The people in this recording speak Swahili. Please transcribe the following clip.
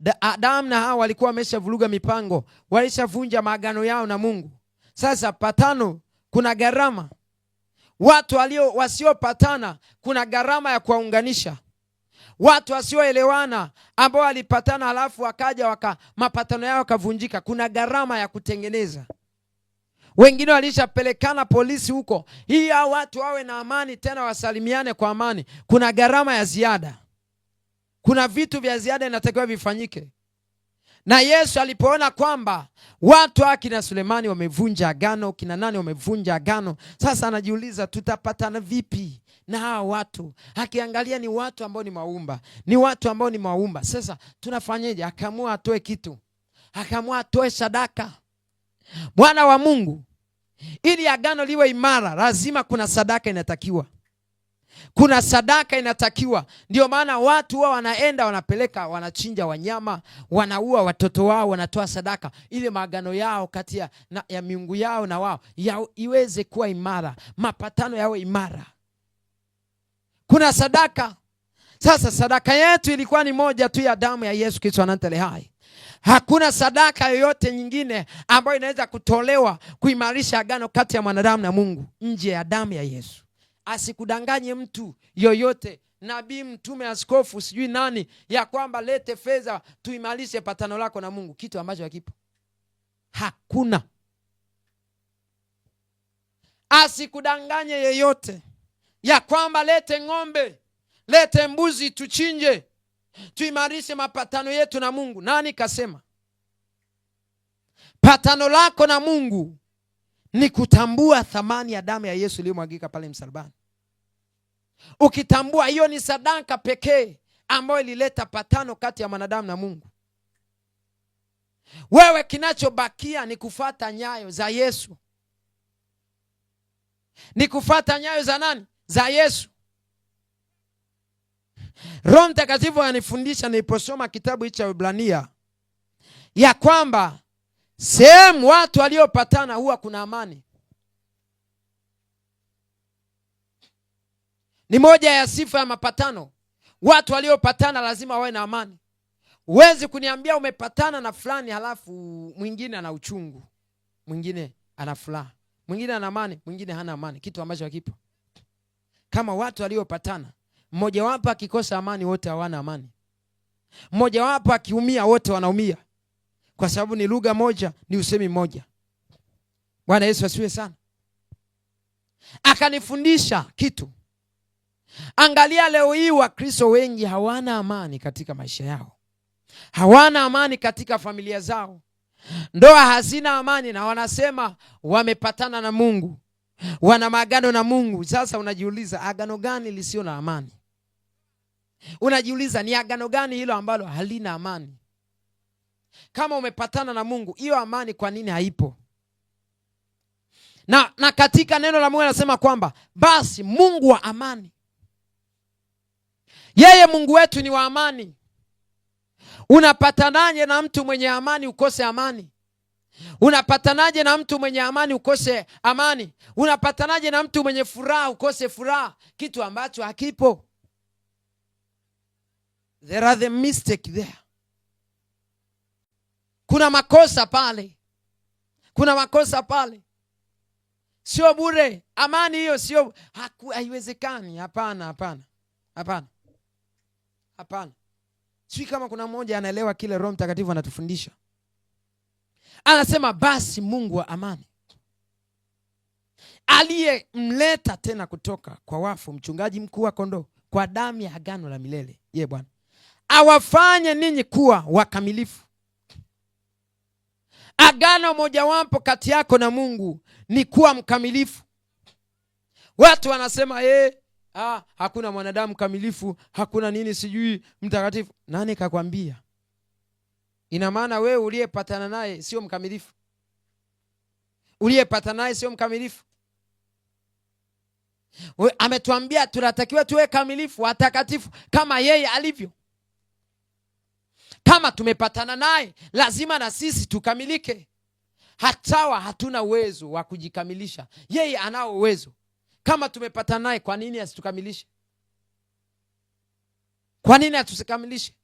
Da, Adamu na Hawa walikuwa wameshavuruga mipango, walishavunja maagano yao na Mungu. Sasa patano, kuna gharama. Watu walio wasiopatana, kuna gharama ya kuwaunganisha. Watu wasioelewana ambao walipatana halafu wakaja waka mapatano yao kavunjika, kuna gharama ya kutengeneza. Wengine walishapelekana polisi huko, hii hao watu wawe na amani tena, wasalimiane kwa amani, kuna gharama ya ziada kuna vitu vya ziada inatakiwa vifanyike. Na Yesu alipoona kwamba watu wa kina Sulemani wamevunja agano, kina nani wamevunja agano, sasa anajiuliza tutapatana vipi na hawa watu? Akiangalia ni watu ambao ni maumba, ni watu ambao ni maumba. Sasa tunafanyeje? Akaamua atoe kitu, akaamua atoe sadaka. Mwana wa Mungu, ili agano liwe imara, lazima kuna sadaka inatakiwa kuna sadaka inatakiwa. Ndio maana watu huwa wanaenda wanapeleka, wanachinja wanyama, wanaua watoto wao, wanatoa sadaka ili maagano yao kati ya, ya miungu yao na wao ya, iweze kuwa imara, mapatano yawe imara. Kuna sadaka. Sasa sadaka yetu ilikuwa ni moja tu ya damu ya Yesu Kristo anantele hai. Hakuna sadaka yoyote nyingine ambayo inaweza kutolewa kuimarisha agano kati ya mwanadamu na Mungu nje ya damu ya Yesu asikudanganye mtu yoyote, nabii, mtume, askofu, sijui nani, ya kwamba lete fedha tuimarishe patano lako na Mungu, kitu ambacho hakipo. Hakuna. Asikudanganye yeyote ya kwamba lete ng'ombe, lete mbuzi, tuchinje, tuimarishe mapatano yetu na Mungu. Nani kasema patano lako na Mungu ni kutambua thamani ya damu ya Yesu iliyomwagika pale msalabani. Ukitambua hiyo ni sadaka pekee ambayo ilileta patano kati ya mwanadamu na Mungu, wewe kinachobakia ni kufata nyayo za Yesu, ni kufata nyayo za nani? Za Yesu. Roho Mtakatifu anifundisha niliposoma kitabu hichi cha Ibrania ya kwamba Sehemu watu waliopatana huwa kuna amani. Ni moja ya sifa ya mapatano. Watu waliopatana lazima wawe na amani. Huwezi kuniambia umepatana na fulani halafu mwingine ana uchungu, mwingine ana furaha, mwingine ana amani, mwingine hana amani, kitu ambacho hakipo. Kama watu waliopatana mmojawapo akikosa amani, wote hawana amani. Mmojawapo akiumia, wote wanaumia kwa sababu ni lugha moja, ni usemi moja Bwana Yesu asiwe sana. Akanifundisha kitu. Angalia leo hii Wakristo wengi hawana amani katika maisha yao, hawana amani katika familia zao, ndoa hazina amani, na wanasema wamepatana na Mungu, wana maagano na Mungu. Sasa unajiuliza agano gani lisio na amani? Unajiuliza ni agano gani hilo ambalo halina amani? Kama umepatana na Mungu, hiyo amani kwa nini haipo? Na, na katika neno la Mungu anasema kwamba basi Mungu wa amani, yeye Mungu wetu ni wa amani. Unapatanaje na mtu mwenye amani ukose amani? Unapatanaje na mtu mwenye amani ukose amani? Unapatanaje na mtu mwenye furaha ukose furaha? Kitu ambacho hakipo. There are the mistake there kuna makosa pale, kuna makosa pale, sio bure. Amani hiyo sio, haiwezekani. Hapana, hapana, hapana, hapana. sii kama kuna mmoja anaelewa kile Roho Mtakatifu anatufundisha. Anasema basi Mungu wa amani aliyemleta tena kutoka kwa wafu mchungaji mkuu wa kondoo kwa damu ya agano la milele, ye Bwana awafanye ninyi kuwa wakamilifu Agano mojawapo kati yako na Mungu ni kuwa mkamilifu. Watu wanasema hey, eh, ah, hakuna mwanadamu kamilifu, hakuna nini sijui mtakatifu. Nani kakwambia? Ina maana wewe uliyepatana naye sio mkamilifu, uliyepatana naye sio mkamilifu. Ametuambia tunatakiwa tuwe kamilifu watakatifu kama yeye alivyo. Kama tumepatana naye, lazima na sisi tukamilike. Hatawa hatuna uwezo wa kujikamilisha, yeye anao uwezo. Kama tumepatana naye, kwa nini asitukamilishe? Kwa nini atusikamilishe?